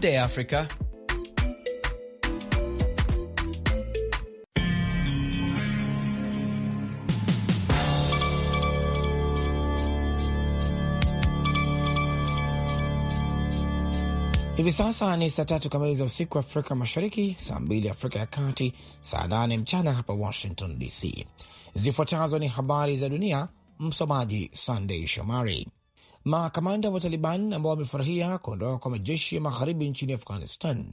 de África. Hivi sasa ni saa tatu kamili za usiku Afrika Mashariki, saa mbili Afrika ya Kati, saa nane mchana hapa Washington DC. Zifuatazo ni habari za dunia, msomaji Sandei Shomari. Makamanda wa Taliban ambao wamefurahia kuondoka kwa majeshi ya magharibi nchini Afghanistan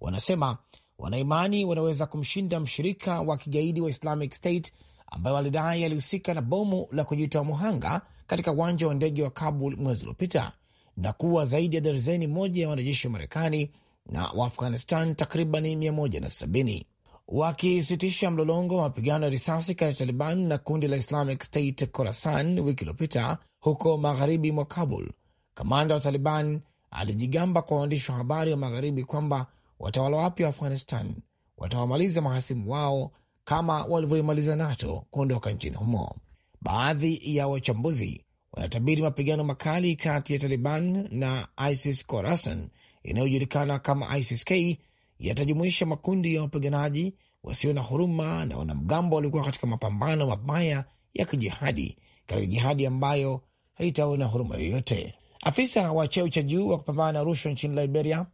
wanasema wanaimani wanaweza kumshinda mshirika wa kigaidi wa Islamic State ambaye walidai alihusika na bomu la kujitoa muhanga katika uwanja wa ndege wa Kabul mwezi uliopita na kuwa zaidi ya darzeni moja ya wanajeshi wa Marekani na wa Afghanistan takriban 170 wakisitisha mlolongo wa mapigano ya risasi kati ya Taliban na kundi la Islamic State Khorasan wiki iliyopita huko magharibi mwa Kabul, kamanda wa Taliban alijigamba kwa waandishi wa habari wa magharibi kwamba watawala wapya wa Afghanistan watawamaliza mahasimu wao kama walivyoimaliza NATO kuondoka nchini humo. Baadhi ya wachambuzi wanatabiri mapigano makali kati ya Taliban na ISIS Khorasan inayojulikana kama ISIS-K yatajumuisha makundi ya wapiganaji wasio na huruma na wanamgambo waliokuwa katika mapambano mabaya ya kijihadi katika jihadi ambayo haitaona huruma yoyote. Afisa wa cheo cha juu wa kupambana na rushwa nchini Liberia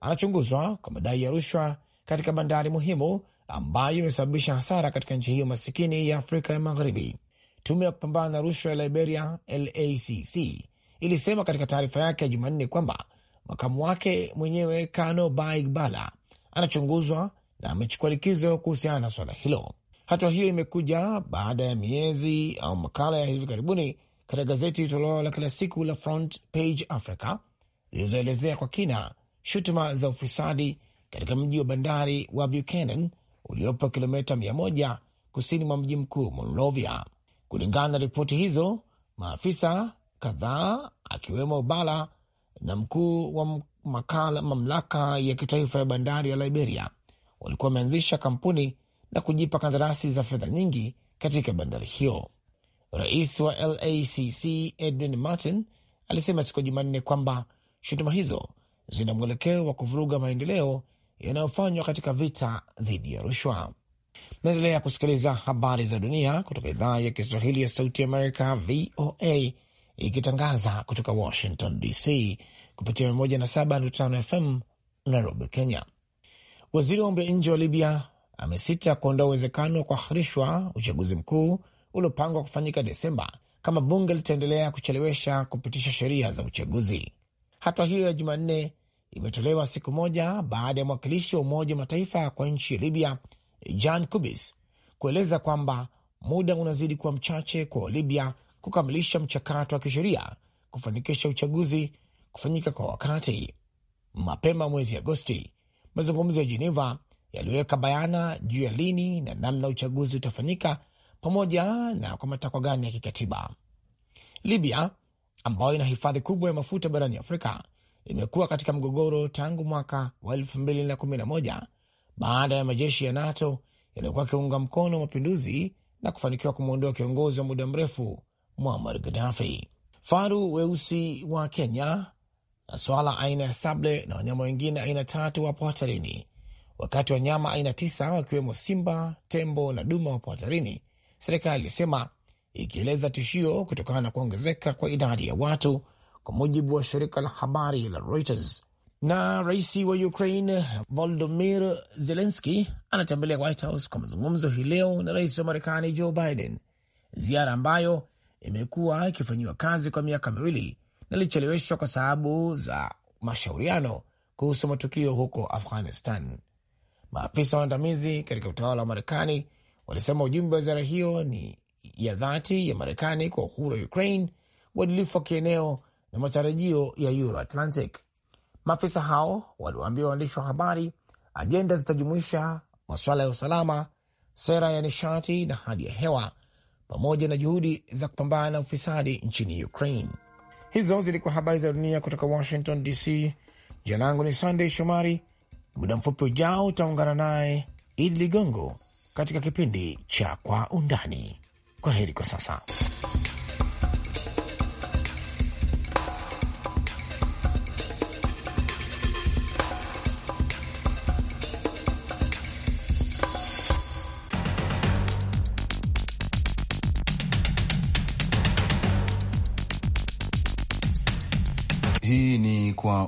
anachunguzwa kwa madai ya rushwa katika bandari muhimu ambayo imesababisha hasara katika nchi hiyo masikini ya Afrika ya Magharibi. Tume ya kupambana na rushwa ya Liberia, LACC, ilisema katika taarifa yake ya Jumanne kwamba makamu wake mwenyewe Kano Baigbala anachunguzwa na amechukua likizo kuhusiana na swala hilo. Hatua hiyo imekuja baada ya miezi au makala ya hivi karibuni katika gazeti toleo la kila siku la Front Page Africa zilizoelezea kwa kina shutuma za ufisadi katika mji wa bandari wa Buchanan uliopo kilomita 100 kusini mwa mji mkuu Monrovia. Kulingana na ripoti hizo, maafisa kadhaa akiwemo Bala na mkuu wa makala mamlaka ya kitaifa ya bandari ya Liberia walikuwa wameanzisha kampuni na kujipa kandarasi za fedha nyingi katika bandari hiyo. Rais wa LACC Edwin Martin alisema siku ya Jumanne kwamba shutuma hizo zina mwelekeo wa kuvuruga maendeleo yanayofanywa katika vita dhidi ya rushwa. Naendelea kusikiliza habari za dunia kutoka idhaa ya Kiswahili ya Sauti Amerika, VOA, ikitangaza kutoka Washington DC kupitia 107.5 FM Nairobi, Kenya. Waziri wa mambo ya nje wa Libya amesita kuondoa uwezekano wa kuahirishwa uchaguzi mkuu uliopangwa kufanyika Desemba kama bunge litaendelea kuchelewesha kupitisha sheria za uchaguzi. Hatua hiyo ya Jumanne imetolewa siku moja baada ya mwakilishi wa Umoja wa Mataifa kwa nchi ya Libya Jan Kubis kueleza kwamba muda unazidi kuwa mchache kwa Walibya kukamilisha mchakato wa kisheria kufanikisha uchaguzi kufanyika kwa wakati. Mapema mwezi Agosti, mazungumzo ya jeneva yaliweka bayana juu ya lini na namna uchaguzi utafanyika pamoja na kwa matakwa gani ya kikatiba. Libya ambayo ina hifadhi kubwa ya mafuta barani Afrika imekuwa katika mgogoro tangu mwaka wa 2011 baada ya majeshi ya NATO yaliyokuwa akiunga mkono mapinduzi na kufanikiwa kumwondoa kiongozi wa muda mrefu Muammar Gaddafi. Faru weusi wa Kenya na swala aina ya sable na wanyama wengine aina tatu wapo hatarini, wakati wanyama aina tisa wakiwemo simba, tembo na duma wapo hatarini serikali ilisema ikieleza tishio kutokana na kuongezeka kwa idadi ya watu, kwa mujibu wa shirika la habari la Reuters. Na rais wa Ukraine Volodymyr Zelensky anatembelea White House kwa mazungumzo hii leo na rais wa Marekani Joe Biden, ziara ambayo imekuwa ikifanyiwa kazi kwa miaka miwili na ilicheleweshwa kwa sababu za mashauriano kuhusu matukio huko Afghanistan. Maafisa waandamizi katika utawala wa Marekani walisema ujumbe wa wizara hiyo ni ya dhati ya Marekani kwa uhuru wa Ukraine, uadilifu wa kieneo na matarajio ya Euroatlantic. Maafisa hao waliwaambia waandishi wa habari ajenda zitajumuisha masuala ya usalama, sera ya nishati na hali ya hewa, pamoja na juhudi za kupambana na ufisadi nchini Ukraine. Hizo zilikuwa habari za dunia kutoka Washington DC. Jina langu ni Sandey Shomari. Muda mfupi ujao utaungana naye Idi Ligongo katika kipindi cha Kwa Undani. Kwa heri kwa sasa.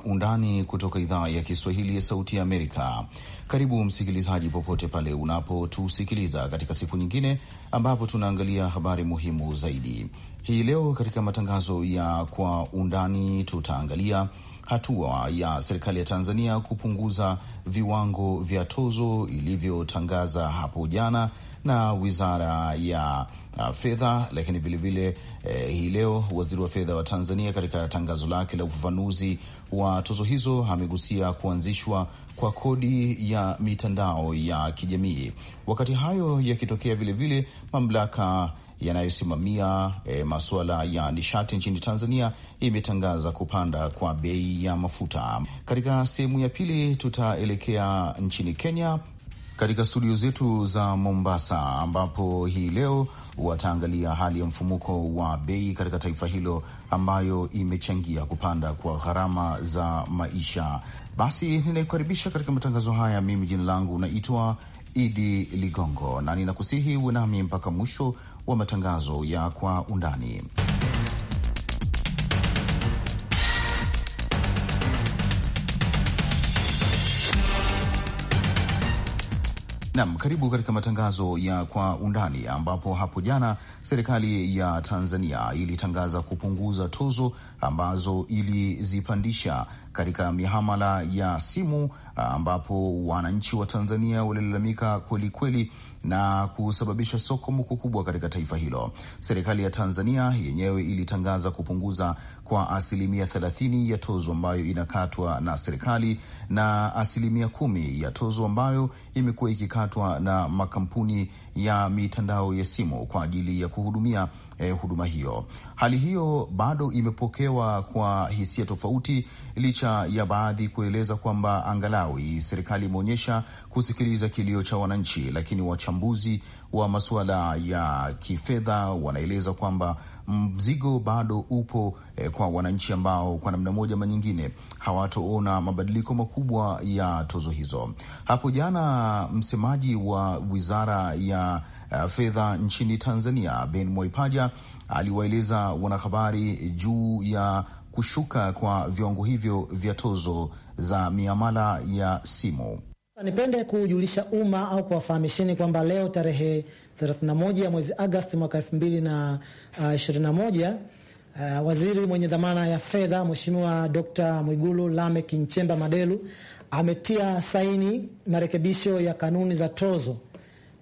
undani kutoka idhaa ya Kiswahili ya Sauti ya Amerika. Karibu msikilizaji, popote pale unapotusikiliza katika siku nyingine ambapo tunaangalia habari muhimu zaidi. Hii leo katika matangazo ya kwa undani tutaangalia hatua ya serikali ya Tanzania kupunguza viwango vya tozo ilivyotangaza hapo jana na wizara ya uh, fedha. Lakini vilevile eh, hii leo waziri wa fedha wa Tanzania katika tangazo lake la ufafanuzi wa tozo hizo amegusia kuanzishwa kwa kodi ya mitandao ya kijamii. Wakati hayo yakitokea, vilevile mamlaka yanayosimamia e, masuala ya nishati nchini Tanzania imetangaza kupanda kwa bei ya mafuta. Katika sehemu ya pili tutaelekea nchini Kenya katika studio zetu za Mombasa, ambapo hii leo wataangalia hali ya mfumuko wa bei katika taifa hilo ambayo imechangia kupanda kwa gharama za maisha. Basi ninayekukaribisha katika matangazo haya. Mimi jina langu naitwa Idi Ligongo na ninakusihi uwe nami mpaka mwisho wa matangazo ya Kwa Undani. Nam, karibu katika matangazo ya kwa undani, ambapo hapo jana serikali ya Tanzania ilitangaza kupunguza tozo ambazo ilizipandisha katika mihamala ya simu ambapo wananchi wa Tanzania walilalamika kwelikweli na kusababisha sokomuku kubwa katika taifa hilo. Serikali ya Tanzania yenyewe ilitangaza kupunguza kwa asilimia thelathini ya tozo ambayo inakatwa na serikali na asilimia kumi ya tozo ambayo imekuwa ikikatwa na makampuni ya mitandao ya simu kwa ajili ya kuhudumia eh, huduma hiyo. Hali hiyo bado imepokewa kwa hisia tofauti, licha ya baadhi kueleza kwamba angalawi serikali imeonyesha kusikiliza kilio cha wananchi, lakini wachambuzi wa masuala ya kifedha wanaeleza kwamba mzigo bado upo eh, kwa wananchi ambao kwa namna moja ama nyingine hawatoona mabadiliko makubwa ya tozo hizo. Hapo jana msemaji wa wizara ya uh, fedha nchini Tanzania Ben Mwaipaja aliwaeleza wanahabari juu ya kushuka kwa viwango hivyo vya tozo za miamala ya simu. Nipende kujulisha umma au kuwafahamisheni kwamba leo tarehe 31 mwezi Agosti mwaka 2021 uh, uh, waziri mwenye dhamana ya fedha Mheshimiwa Dr. Mwigulu Lameck Nchemba Madelu ametia saini marekebisho ya kanuni za tozo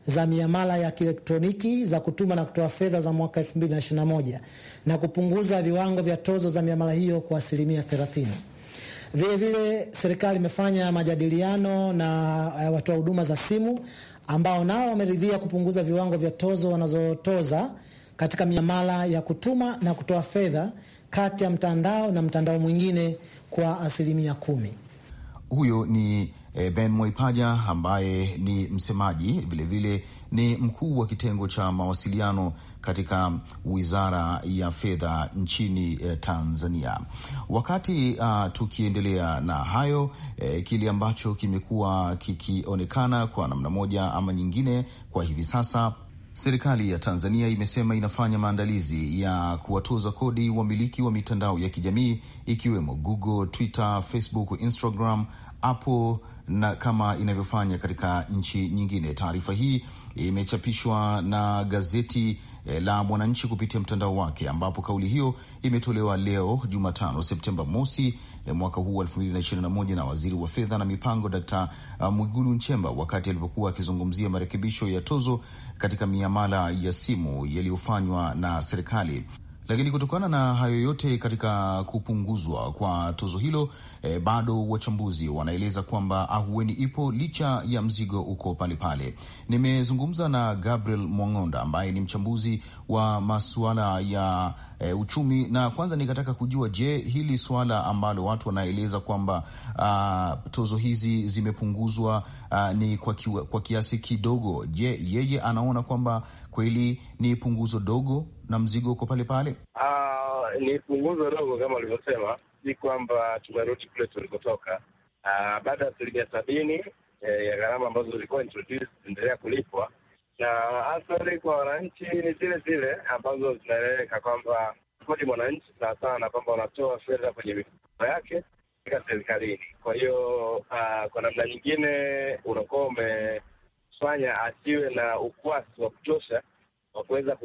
za miamala ya kielektroniki za kutuma na kutoa fedha za mwaka 2021 na kupunguza viwango vya tozo za miamala hiyo kwa asilimia 30. Vilevile serikali imefanya majadiliano na uh, watoa huduma za simu ambao nao wameridhia kupunguza viwango vya tozo wanazotoza katika miamala ya kutuma na kutoa fedha kati ya mtandao na mtandao mwingine kwa asilimia kumi. Huyo ni E, Ben Mwaipaja ambaye ni msemaji vilevile ni mkuu wa kitengo cha mawasiliano katika Wizara ya Fedha nchini eh, Tanzania. Wakati uh, tukiendelea na hayo eh, kile ambacho kimekuwa kikionekana kwa namna moja ama nyingine kwa hivi sasa Serikali ya Tanzania imesema inafanya maandalizi ya kuwatoza kodi wamiliki wa mitandao ya kijamii ikiwemo Google, Twitter, Facebook, Instagram, Apple na kama inavyofanya katika nchi nyingine. Taarifa hii imechapishwa na gazeti eh, la Mwananchi kupitia mtandao wake, ambapo kauli hiyo imetolewa leo Jumatano Septemba mosi eh, mwaka huu wa elfu na na waziri wa fedha na mipango Dkt eh, Mwigulu Nchemba wakati alipokuwa akizungumzia marekebisho ya tozo katika miamala ya simu yaliyofanywa na serikali. Lakini kutokana na hayo yote, katika kupunguzwa kwa tozo hilo e, bado wachambuzi wanaeleza kwamba ahueni ipo licha ya mzigo uko palepale. Nimezungumza na Gabriel Mwang'onda ambaye ni mchambuzi wa masuala ya e, uchumi, na kwanza nikataka kujua, je, hili suala ambalo watu wanaeleza kwamba a, ah, tozo hizi zimepunguzwa a, ah, ni kwa, kiwa, kwa kiasi kidogo, je, yeye anaona kwamba kweli ni punguzo dogo na mzigo uko pale pale? Uh, ni punguzo dogo kama ulivyosema, si kwamba tumerudi kule tulikotoka. Uh, baada ya asilimia sabini eh, ya gharama ambazo zilikuwa introduced zinaendelea kulipwa, na athari kwa wananchi ni zile zile ambazo zinaeleweka kwamba kodi mwananchi sawasawa na kwamba wanatoa fedha kwenye mifuko yake katika serikalini. Kwa hiyo uh, kwa namna nyingine unakuwa umefanya asiwe na ukwasi wa kutosha wa kuweza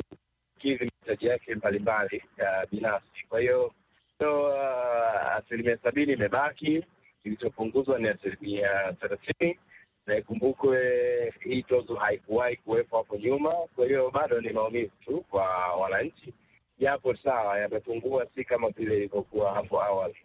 kukidhi mahitaji yake mbalimbali ya binafsi. Kwa hiyo so, uh, asilimia sabini imebaki, kilichopunguzwa ni asilimia thelathini na ikumbukwe hii tozo haikuwahi kuwepo hapo nyuma. Kwa hiyo bado ni maumivu tu kwa wananchi, yapo sawa, yamepungua, si kama vile ilivyokuwa hapo awali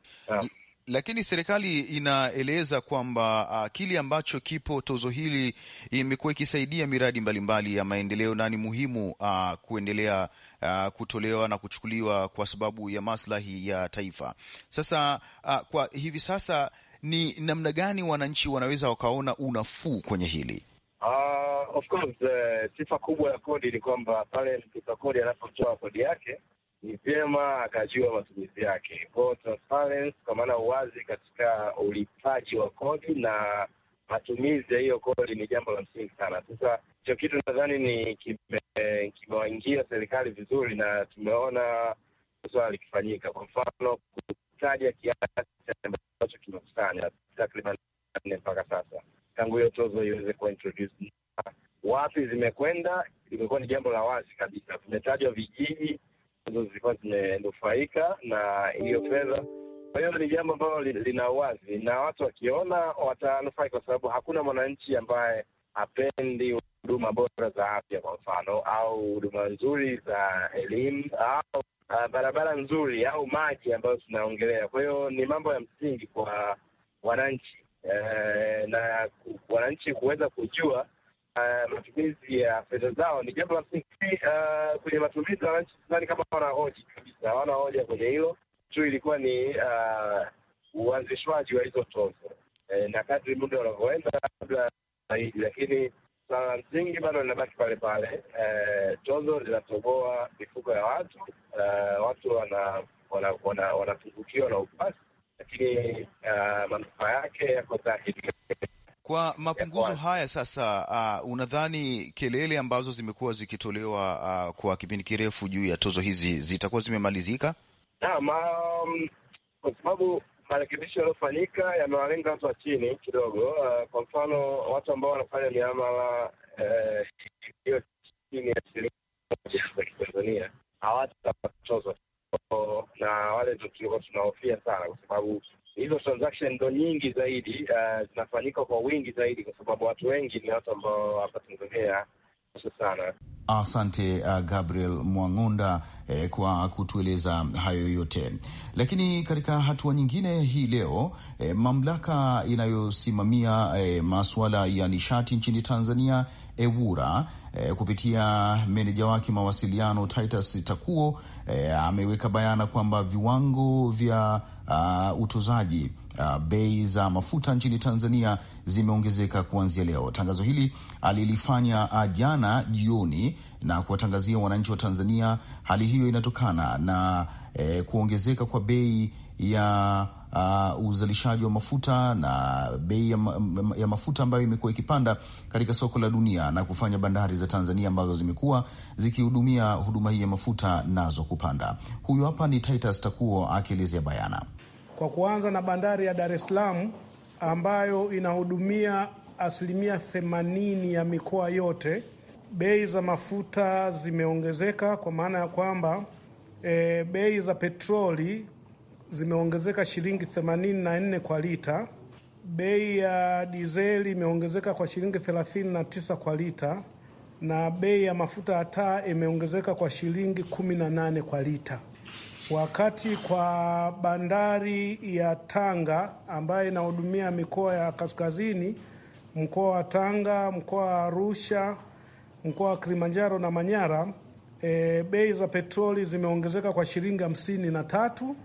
lakini serikali inaeleza kwamba uh, kile ambacho kipo tozo hili imekuwa ikisaidia miradi mbalimbali mbali ya maendeleo na ni muhimu uh, kuendelea uh, kutolewa na kuchukuliwa kwa sababu ya maslahi ya taifa. Sasa uh, kwa hivi sasa ni namna gani wananchi wanaweza wakaona unafuu kwenye hili? Uh, of course, uh, sifa kubwa ya kodi ni kwamba pale mlipa kodi anapotoa kodi yake ni vyema akajua matumizi yake. Kwa transparency, kwa maana uwazi katika ulipaji wa kodi na matumizi ya hiyo kodi ni jambo la msingi sana. Sasa hicho kitu nadhani ni kimewaingia kime serikali vizuri, na tumeona swala likifanyika, kwa mfano kutaja kiasi ambacho kimekusanya takriban nne mpaka sasa tangu hiyo tozo iweze kuwa wapi zimekwenda imekuwa ni jambo la wazi kabisa. Vimetajwa vijiji ambazo zilikuwa zimenufaika na hiyo fedha. Kwa hiyo ni jambo ambalo lina wazi na watu wakiona watanufaika, kwa sababu hakuna mwananchi ambaye hapendi huduma bora za afya, kwa mfano, au huduma nzuri za elimu au uh, barabara nzuri au maji ambayo tunaongelea. Kwa hiyo ni mambo ya msingi kwa wananchi e, na wananchi kuweza kujua uh, matumizi ya uh, fedha zao ni jambo la msingi uh, kwenye matumizi. Wananchi sidhani kama wana hoja kabisa, hawana hoja kwenye hilo tu. Ilikuwa ni uh, uanzishwaji wa hizo tozo eh, na kadri muda unavyoenda labda zaidi, lakini suala la msingi bado linabaki pale pale. Eh, tozo linatoboa mifuko ya watu uh, watu wana wanapungukiwa na upasi, lakini uh, manufaa yake yako dhahiri. Kwa mapunguzo haya sasa, uh, unadhani kelele ambazo zimekuwa zikitolewa uh, kwa kipindi kirefu juu ya tozo hizi zitakuwa zimemalizika? Naam, um, kwa sababu marekebisho yaliyofanyika yamewalenga watu wa chini kidogo. Uh, kwa mfano watu ambao wanafanya miamala hiyo uh, chini ya shilingi moja za Kitanzania hawatapata tozo, na wale ndio tulikuwa tunahofia sana, kwa sababu hizo transaction ndo nyingi zaidi eh, zinafanyika uh, kwa wingi zaidi, kwa sababu watu wengi ni watu ambao hapa Tanzania sana. Asante uh, Gabriel mwangunda eh, kwa kutueleza hayo yote. Lakini katika hatua nyingine hii leo eh, mamlaka inayosimamia eh, masuala ya nishati nchini Tanzania EWURA eh, kupitia meneja wake mawasiliano Titus Takuo e, ameweka bayana kwamba viwango vya uh, utozaji Uh, bei za mafuta nchini Tanzania zimeongezeka kuanzia leo. Tangazo hili alilifanya jana jioni na kuwatangazia wananchi wa Tanzania. Hali hiyo inatokana na eh, kuongezeka kwa bei ya uh, uzalishaji wa mafuta na bei ya, ma, ya mafuta ambayo imekuwa ikipanda katika soko la dunia na kufanya bandari za Tanzania ambazo zimekuwa zikihudumia huduma hii ya mafuta nazo kupanda. Huyu hapa ni Titus Takuo akielezea bayana, kwa kuanza na bandari ya Dar es Salaam ambayo inahudumia asilimia themanini ya mikoa yote. Bei za mafuta zimeongezeka kwa maana ya kwamba e, bei za petroli zimeongezeka shilingi 84 kwa lita. Bei ya dizeli imeongezeka kwa shilingi 39 kwa lita, na bei ya mafuta ya taa imeongezeka kwa shilingi 18 kwa lita. Wakati kwa bandari ya Tanga ambayo inahudumia mikoa ya kaskazini, mkoa wa Tanga, mkoa wa Arusha, mkoa wa Kilimanjaro na Manyara, e, bei za petroli zimeongezeka kwa shilingi hamsini na tatu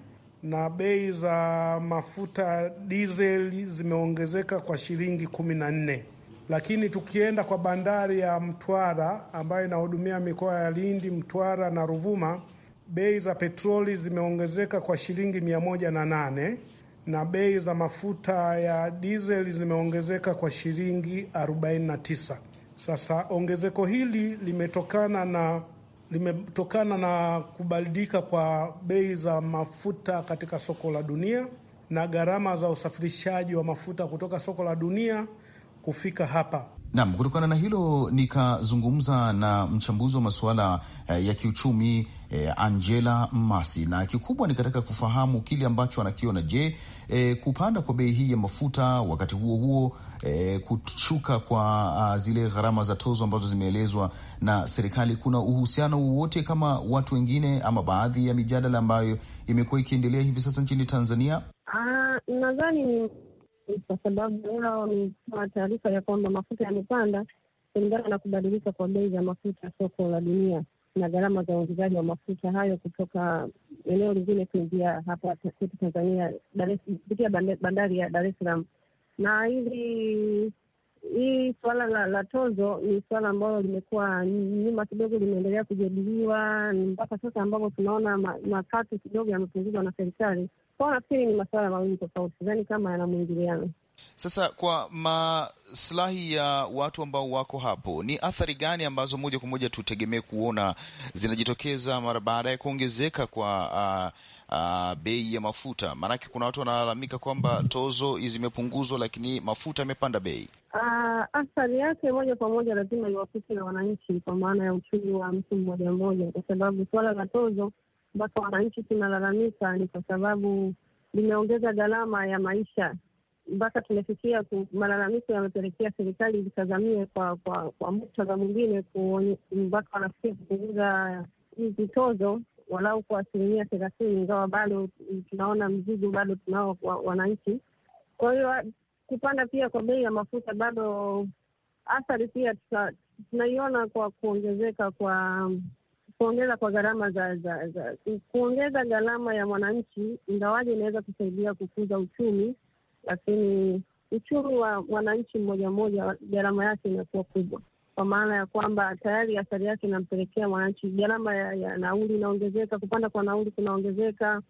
na bei za mafuta dizeli zimeongezeka kwa shilingi kumi na nne. Lakini tukienda kwa bandari ya Mtwara ambayo inahudumia mikoa ya Lindi, Mtwara na Ruvuma, bei za petroli zimeongezeka kwa shilingi mia moja na nane na bei za mafuta ya dizeli zimeongezeka kwa shilingi 49. Sasa ongezeko hili limetokana na limetokana na kubadilika kwa bei za mafuta katika soko la dunia na gharama za usafirishaji wa mafuta kutoka soko la dunia kufika hapa. Naam, kutokana na hilo nikazungumza na mchambuzi wa masuala eh, ya kiuchumi eh, Angela Masi, na kikubwa nikataka kufahamu kile ambacho anakiona. Je, eh, kupanda kwa bei hii ya mafuta wakati huo huo e, kushuka kwa a, zile gharama za tozo ambazo zimeelezwa na serikali, kuna uhusiano wowote kama watu wengine ama baadhi ya mijadala ambayo imekuwa ikiendelea hivi sasa nchini Tanzania? Nadhani ni kwa sababu hao wametoa taarifa ya kwamba mafuta yamepanda kulingana na kubadilika kwa bei za mafuta soko la dunia na gharama za uingizaji wa mafuta hayo kutoka eneo lingine kuingia hapa kwetu Tanzania kupitia bandari ya Dar es Salaam na hili hii suala la, la tozo ni suala ambalo limekuwa nyuma kidogo, limeendelea kujadiliwa mpaka sasa ambapo tunaona mapato ma kidogo yamepunguzwa na serikali. Kwa nafikiri ni masuala mawili tofauti, sidhani kama yana mwingiliano. Sasa kwa maslahi ya watu ambao wako hapo, ni athari gani ambazo moja kwa moja tutegemee kuona zinajitokeza mara baada ya kuongezeka kwa uh, uh, bei ya mafuta? Maanake kuna watu wanalalamika kwamba tozo zimepunguzwa, lakini mafuta yamepanda bei. Uh, athari yake moja kwa moja lazima iwafike na wananchi, kwa maana ya uchumi wa mtu mmoja mmoja, kwa sababu suala la tozo mpaka wananchi tunalalamika ni kwa sababu limeongeza gharama ya maisha mpaka tumefikia malalamiko yamepelekea serikali zitazamie kwa kwa kwa muktadha mwingine, mpaka wanafikia kupunguza hizi tozo walau kwa asilimia thelathini, ingawa bado tunaona mzigo bado tunao wananchi. Kwa hiyo kupanda pia kwa bei ya mafuta bado athari pia tunaiona kwa kuongezeka kwa kuongeza kwa gharama za, za, za kuongeza gharama ya mwananchi, ingawaje inaweza kusaidia kukuza uchumi, lakini uchumi wa mwananchi mmoja mmoja gharama yake inakuwa kubwa kwa maana ya kwamba tayari athari yake inampelekea mwananchi gharama ya, ya nauli inaongezeka, kupanda kwa nauli kunaongezeka.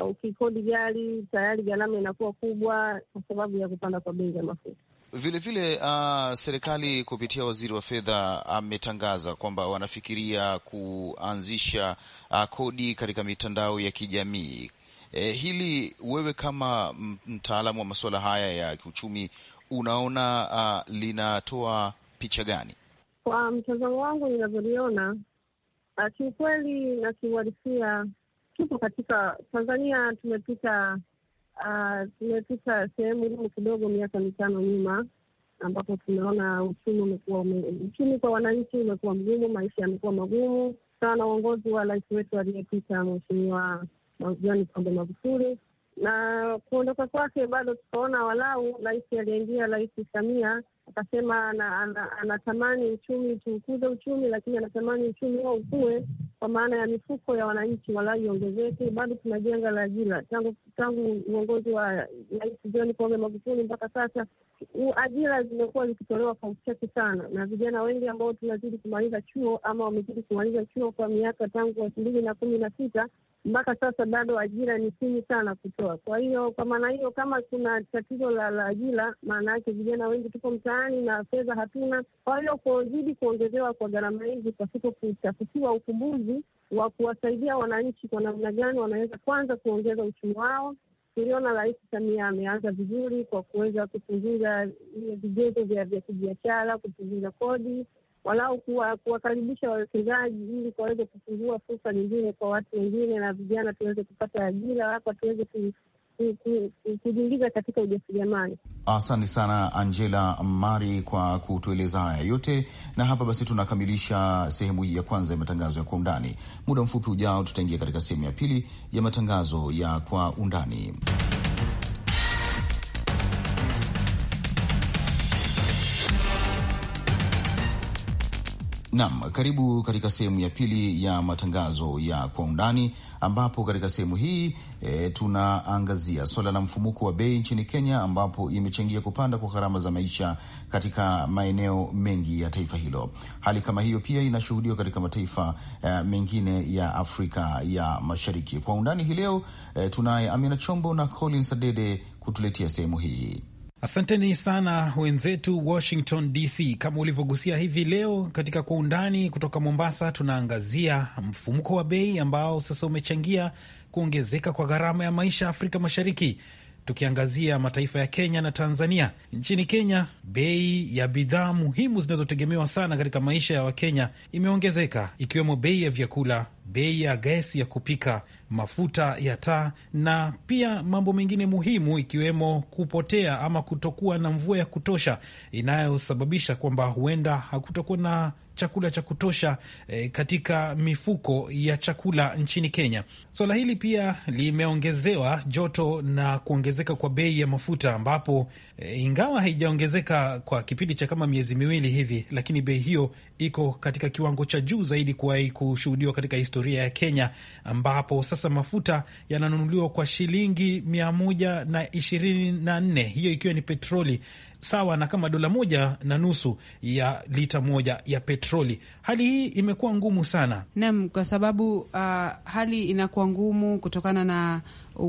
Uh, ukikodi gari tayari gharama inakuwa kubwa kwa sababu ya kupanda kwa bei ya mafuta. Vilevile uh, ah, serikali kupitia waziri wa fedha ametangaza uh, kwamba wanafikiria kuanzisha uh, kodi katika mitandao ya kijamii. Eh, hili wewe kama mtaalamu wa masuala haya ya kiuchumi unaona uh, linatoa picha gani? Kwa mtazamo wangu ninavyoliona, uh, ah, kiukweli na kiuhalisia, tupo katika Tanzania tumepita uh, tumepita sehemu ngumu kidogo miaka mitano nyuma, ambapo tumeona uchumi umekuwa uchumi kwa wananchi umekuwa mgumu, maisha yamekuwa magumu sana uongozi wa rais wetu aliyepita Mheshimiwa John Pombe Magufuli na kuondoka kwake bado tukaona walau rais aliyeingia, Rais Samia akasema anatamani uchumi tuukuze uchumi, lakini anatamani uchumi huo ukue kwa maana ya mifuko ya wananchi wala iongezeke. Bado tuna la ajira tangu tangu uongozi wa Rais John Pombe Magufuli mpaka sasa, ajira zimekuwa zikitolewa kwa uchache sana, na vijana wengi ambao tunazidi kumaliza chuo ama wamezidi kumaliza chuo kwa miaka tangu elfu mbili na kumi na sita mpaka sasa bado ajira ni chini sana kutoa. Kwa hiyo kwa maana hiyo, kama kuna tatizo la, la ajira, maana yake vijana wengi tuko mtaani na fedha hatuna. Kwa hiyo kuzidi kuongezewa kwa gharama hizi pasipo kutafutiwa ufumbuzi wa kuwasaidia wananchi kwa namna gani wanaweza kwanza kuongeza uchumi wao. Tuliona Rais Samia ameanza vizuri kwa kuweza kupunguza vigezo vya kibiashara, kupunguza kodi walau kuwakaribisha wawekezaji ili waweze kufungua fursa nyingine kwa watu wengine na vijana tuweze kupata ajira, hapa tuweze ku kujiingiza katika ujasiriamali. Asante sana Angela Mari kwa kutueleza haya yote, na hapa basi tunakamilisha sehemu hii ya kwanza ya matangazo ya kwa undani. Muda mfupi ujao, tutaingia katika sehemu ya pili ya matangazo ya kwa undani. Naam, karibu katika sehemu ya pili ya matangazo ya kwa undani, ambapo katika sehemu hii e, tunaangazia suala la mfumuko wa bei nchini Kenya, ambapo imechangia kupanda kwa gharama za maisha katika maeneo mengi ya taifa hilo. Hali kama hiyo pia inashuhudiwa katika mataifa e, mengine ya Afrika ya Mashariki. Kwa undani hii leo e, tunaye Amina Chombo na Collins Adede kutuletea sehemu hii. Asanteni sana wenzetu Washington DC. Kama ulivyogusia hivi leo katika kwa undani kutoka Mombasa, tunaangazia mfumuko wa bei ambao sasa umechangia kuongezeka kwa gharama ya maisha Afrika Mashariki, tukiangazia mataifa ya Kenya na Tanzania. Nchini Kenya, bei ya bidhaa muhimu zinazotegemewa sana katika maisha ya Wakenya imeongezeka, ikiwemo bei ya vyakula, bei ya gesi ya kupika mafuta ya taa na pia mambo mengine muhimu ikiwemo kupotea ama kutokuwa na mvua ya kutosha inayosababisha kwamba huenda hakutakuwa na chakula cha kutosha e, katika mifuko ya chakula nchini Kenya. Swala so hili pia limeongezewa joto na kuongezeka kwa bei ya mafuta ambapo e, ingawa haijaongezeka kwa kipindi cha kama miezi miwili hivi, lakini bei hiyo iko katika kiwango cha juu zaidi kuwahi kushuhudiwa katika historia ya Kenya, ambapo sasa mafuta yananunuliwa kwa shilingi mia moja na ishirini na nne, hiyo ikiwa ni petroli sawa na kama dola moja na nusu ya lita moja ya petroli. Hali hii imekuwa ngumu sana nam, kwa sababu uh, hali inakuwa ngumu kutokana na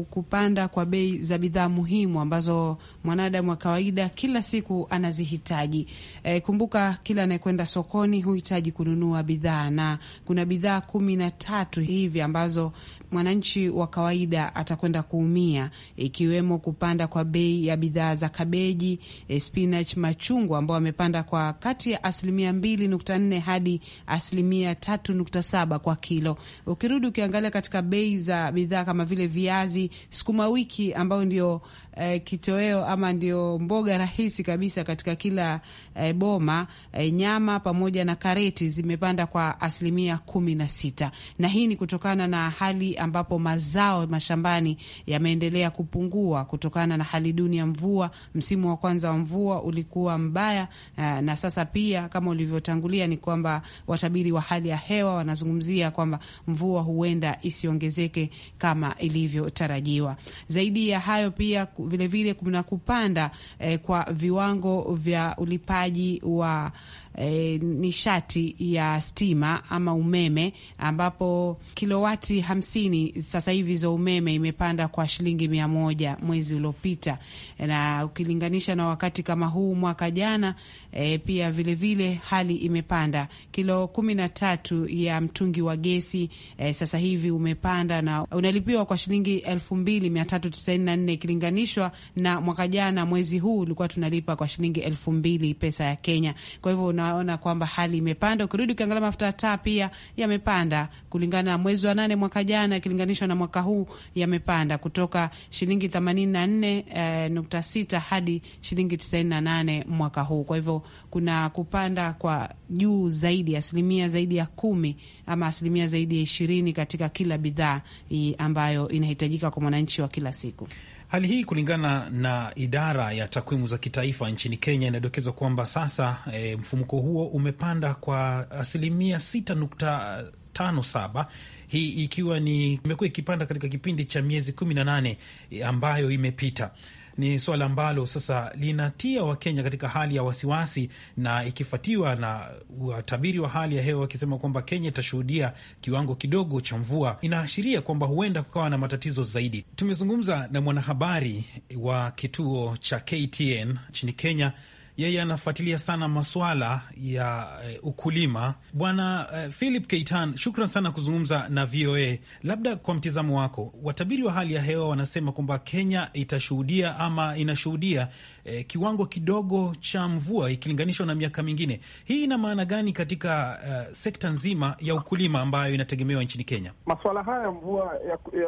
kupanda kwa bei za bidhaa muhimu ambazo mwanadamu wa kawaida kila siku anazihitaji. E, kumbuka kila anayekwenda sokoni huhitaji kununua bidhaa, na kuna bidhaa kumi na tatu hivi ambazo mwananchi wa kawaida atakwenda kuumia, ikiwemo e, kupanda kwa bei ya bidhaa za kabeji, e, spinach, machungwa ambao wamepanda kwa kati ya asilimia mbili nukta nne hadi asilimia tatu nukta saba kwa kilo. Ukirudi ukiangalia katika bei za bidhaa kama vile viazi viazi, sukuma wiki ambayo ndio eh, kitoweo ama ndio mboga rahisi kabisa katika kila eh, boma eh, nyama pamoja na kareti zimepanda kwa asilimia kumi na sita, na hii ni kutokana na hali ambapo mazao mashambani yameendelea kupungua kutokana na hali duni ya mvua. Msimu wa kwanza wa mvua ulikuwa mbaya eh, na sasa pia kama ulivyotangulia ni kwamba watabiri wa hali ya hewa wanazungumzia kwamba mvua huenda isiongezeke kama ilivyo kutarajiwa. Zaidi ya hayo pia vilevile kuna kupanda eh, kwa viwango vya ulipaji wa e, nishati ya stima ama umeme, ambapo kilowati hamsini sasa hivi za umeme imepanda kwa shilingi mia moja mwezi uliopita, na ukilinganisha na wakati kama huu mwaka jana e, pia vilevile vile hali imepanda. Kilo kumi na tatu ya mtungi wa gesi e, sasa hivi umepanda na unalipiwa kwa shilingi elfu mbili mia tatu tisaini na nne ikilinganishwa na mwaka jana mwezi huu ulikuwa tunalipa kwa shilingi elfu mbili pesa ya Kenya. Kwa hivyo una tunaona kwamba hali imepanda. Ukirudi ukiangalia mafuta ya taa pia yamepanda kulingana na mwezi wa nane mwaka jana ikilinganishwa na mwaka huu, yamepanda kutoka shilingi 84.6 eh, hadi shilingi 98 mwaka huu. Kwa hivyo kuna kupanda kwa juu zaidi asilimia zaidi ya kumi ama asilimia zaidi ya ishirini katika kila bidhaa eh, ambayo inahitajika kwa mwananchi wa kila siku. Hali hii kulingana na idara ya takwimu za kitaifa nchini Kenya inadokeza kwamba sasa e, mfumuko huo umepanda kwa asilimia 6.57 hii ikiwa ni imekuwa ikipanda katika kipindi cha miezi 18 e, ambayo imepita ni swala ambalo sasa linatia Wakenya katika hali ya wasiwasi, na ikifuatiwa na watabiri wa hali ya hewa wakisema kwamba Kenya itashuhudia kiwango kidogo cha mvua, inaashiria kwamba huenda kukawa na matatizo zaidi. Tumezungumza na mwanahabari wa kituo cha KTN nchini Kenya yeye anafuatilia sana maswala ya uh, ukulima. Bwana uh, Philip Keitan, shukran sana kuzungumza na VOA. Labda kwa mtizamo wako, watabiri wa hali ya hewa wanasema kwamba Kenya itashuhudia ama inashuhudia uh, kiwango kidogo cha mvua ikilinganishwa na miaka mingine. Hii ina maana gani katika uh, sekta nzima ya ukulima ambayo inategemewa nchini Kenya? Maswala haya ya mvua ya, ya,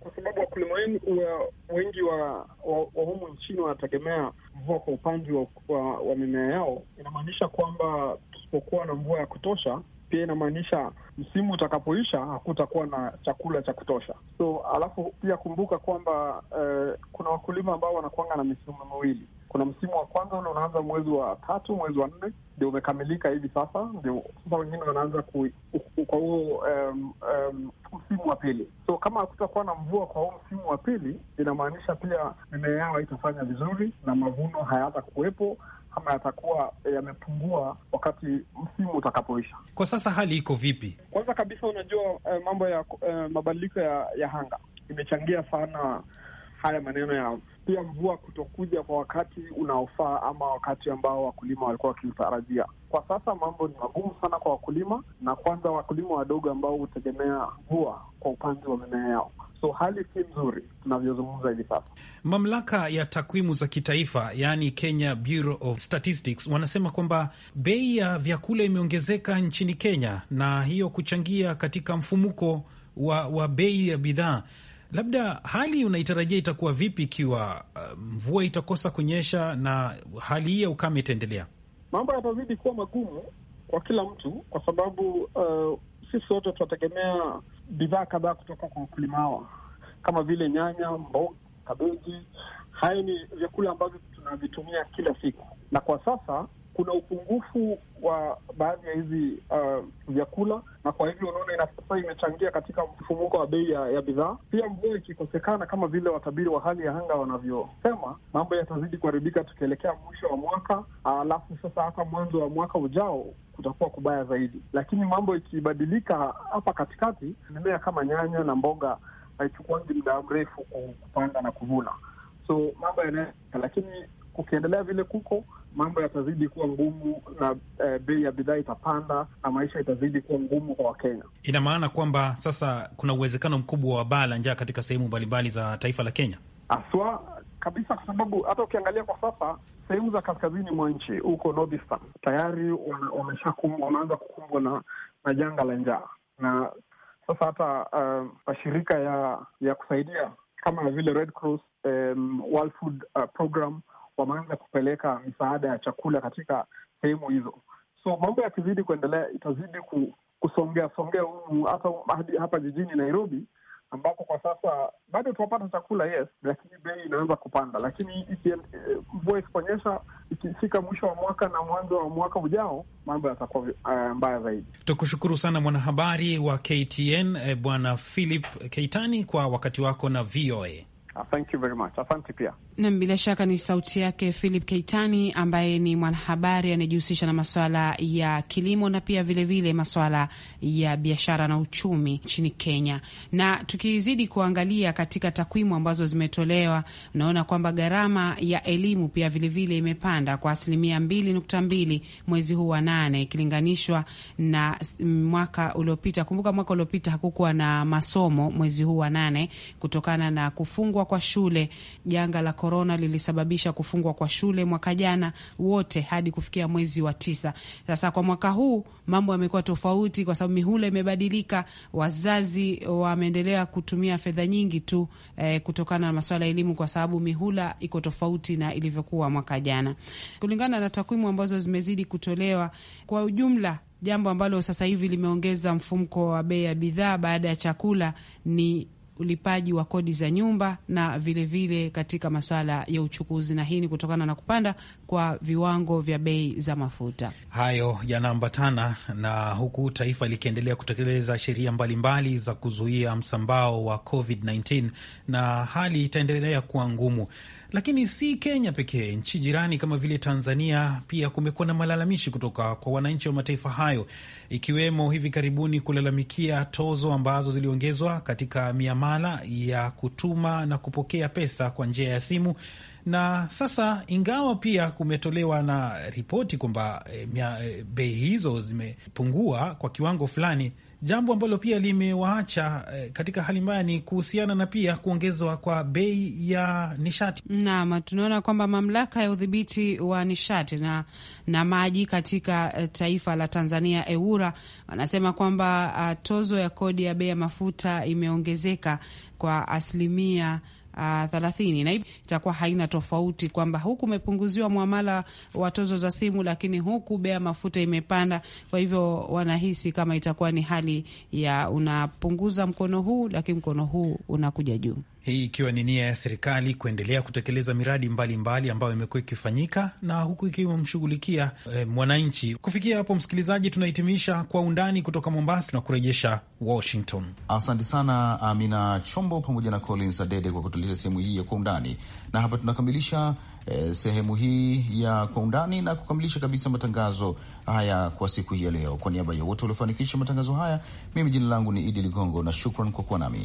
kwa sababu wakulima wengi wa, wa, wa humu nchini wanategemea mvua kwa upande wa, wa, wa mimea yao, inamaanisha kwamba tusipokuwa na mvua ya kutosha pia inamaanisha msimu utakapoisha hakutakuwa na chakula cha kutosha. So alafu pia kumbuka kwamba eh, kuna wakulima ambao wanakuanga na misimu miwili. Kuna msimu wa kwanza ule unaanza mwezi wa tatu, mwezi wa nne ndio umekamilika hivi sasa, ndio sasa wengine wanaanza kwa huo um, um, msimu wa pili. So kama hakutakuwa na mvua kwa huu msimu wa pili, inamaanisha pia mimea yao haitafanya vizuri na mavuno hayata kuwepo ama yatakuwa eh, yamepungua wakati msimu utakapoisha. Kwa sasa hali iko vipi? Kwanza kabisa, unajua eh, mambo ya eh, mabadiliko ya, ya hanga imechangia sana haya maneno ya pia mvua kutokuja kwa wakati unaofaa ama wakati ambao wakulima walikuwa wakiutarajia. Kwa sasa mambo ni magumu sana kwa wakulima, na kwanza wakulima wadogo ambao hutegemea mvua kwa upanzi wa mimea yao. So hali si nzuri tunavyozungumza hivi sasa. Mamlaka ya takwimu za kitaifa yaani Kenya Bureau of Statistics wanasema kwamba bei ya vyakula imeongezeka nchini Kenya, na hiyo kuchangia katika mfumuko wa, wa bei ya bidhaa. Labda hali unaitarajia itakuwa vipi ikiwa uh, mvua itakosa kunyesha na hali hii ya ukame itaendelea? Mambo yatazidi kuwa magumu kwa kila mtu, kwa sababu uh, sisi wote tunategemea bidhaa kadhaa kutoka kwa wakulima hawa kama vile nyanya, mboga, kabeji. Haya ni vyakula ambavyo tunavitumia kila siku, na kwa sasa kuna upungufu wa baadhi ya hizi uh, vyakula, na kwa hivyo unaona inasasa imechangia katika mfumuko wa bei ya, ya bidhaa. Pia mvua ikikosekana kama vile watabiri wa hali ya anga wanavyosema, mambo yatazidi kuharibika tukielekea mwisho wa mwaka, alafu sasa hata mwanzo wa mwaka ujao kutakuwa kubaya zaidi. Lakini mambo ikibadilika hapa katikati, mimea kama nyanya na mboga haichukuangi muda mrefu kupanda na kuvuna, so mambo yanaenda, lakini kukiendelea vile kuko mambo yatazidi kuwa ngumu na e, bei ya bidhaa itapanda na maisha itazidi kuwa ngumu kwa Wakenya. Ina maana kwamba sasa kuna uwezekano mkubwa wa baa la njaa katika sehemu mbalimbali za taifa la Kenya haswa kabisa, kwa sababu hata ukiangalia kwa sasa sehemu za kaskazini mwa nchi huko Nordistan tayari wameshakumbwa, wameanza kukumbwa na, na janga la njaa na sasa hata mashirika eh, mashirika ya ya kusaidia kama vile Red Cross, um, World Food uh, Program wameanza kupeleka misaada ya chakula katika sehemu hizo. So mambo yakizidi kuendelea, itazidi kusongea songea humu hata hapa jijini Nairobi, ambapo kwa sasa bado tunapata chakula yes, lakini bei inaweza kupanda. Lakini eh, mvua ikiponyesha, ikifika mwisho wa mwaka na mwanzo wa mwaka ujao, mambo yatakuwa uh, mbaya zaidi. Tukushukuru sana mwanahabari wa KTN eh, Bwana Philip Keitani kwa wakati wako na VOA. Ah, thank you very much. Asante pia. Nam, bila shaka ni sauti yake Philip Keitani ambaye ni mwanahabari anayejihusisha na masuala ya kilimo na pia vilevile maswala masuala ya biashara na uchumi nchini Kenya. Na tukizidi kuangalia katika takwimu ambazo zimetolewa, unaona kwamba gharama ya elimu pia vilevile imepanda kwa asilimia mbili nukta mbili mwezi huu wa nane ikilinganishwa na mwaka uliopita. Kumbuka mwaka uliopita hakukuwa na masomo mwezi huu wa nane kutokana na kufungwa kufungwa kwa shule. Janga la korona lilisababisha kufungwa kwa shule mwaka jana wote hadi kufikia mwezi wa tisa. Sasa kwa mwaka huu mambo yamekuwa tofauti, kwa sababu mihula imebadilika. Wazazi wameendelea kutumia fedha nyingi tu eh, kutokana na masuala ya elimu, kwa sababu mihula iko tofauti na ilivyokuwa mwaka jana, kulingana na takwimu ambazo zimezidi kutolewa kwa ujumla jambo ambalo sasa hivi limeongeza mfumko wa bei ya bidhaa baada ya chakula ni ulipaji wa kodi za nyumba na vilevile vile katika masuala ya uchukuzi, na hii ni kutokana na kupanda kwa viwango vya bei za mafuta. Hayo yanaambatana na huku taifa likiendelea kutekeleza sheria mbalimbali za kuzuia msambao wa COVID-19 na hali itaendelea kuwa ngumu. Lakini si Kenya pekee, nchi jirani kama vile Tanzania pia kumekuwa na malalamishi kutoka kwa wananchi wa mataifa hayo, ikiwemo hivi karibuni kulalamikia tozo ambazo ziliongezwa katika miamala ya kutuma na kupokea pesa kwa njia ya simu na sasa ingawa pia kumetolewa na ripoti kwamba e, e, bei hizo zimepungua kwa kiwango fulani, Jambo ambalo pia limewaacha eh, katika hali mbaya ni kuhusiana na pia kuongezwa kwa bei ya nishati. Naam, tunaona kwamba mamlaka ya udhibiti wa nishati na, na maji katika eh, taifa la Tanzania EWURA wanasema kwamba ah, tozo ya kodi ya bei ya mafuta imeongezeka kwa asilimia Ah, thelathini, na hivi itakuwa haina tofauti kwamba huku umepunguziwa mwamala wa tozo za simu, lakini huku bei ya mafuta imepanda. Kwa hivyo wanahisi kama itakuwa ni hali ya unapunguza mkono huu, lakini mkono huu unakuja juu hii ikiwa ni nia ya serikali kuendelea kutekeleza miradi mbalimbali mbali ambayo imekuwa ikifanyika na huku ikimshughulikia e, mwananchi. Kufikia hapo, msikilizaji, tunahitimisha kwa undani kutoka Mombasa na kurejesha Washington. Asante sana Amina Chombo pamoja na Collins Adede kwa kutuletea sehemu hii ya kwa undani, na hapa tunakamilisha e, sehemu hii ya kwa undani na kukamilisha kabisa matangazo haya kwa siku hii ya leo. Kwa niaba ya wote waliofanikisha matangazo haya, mimi jina langu ni Idi Ligongo na shukran kwa kuwa nami.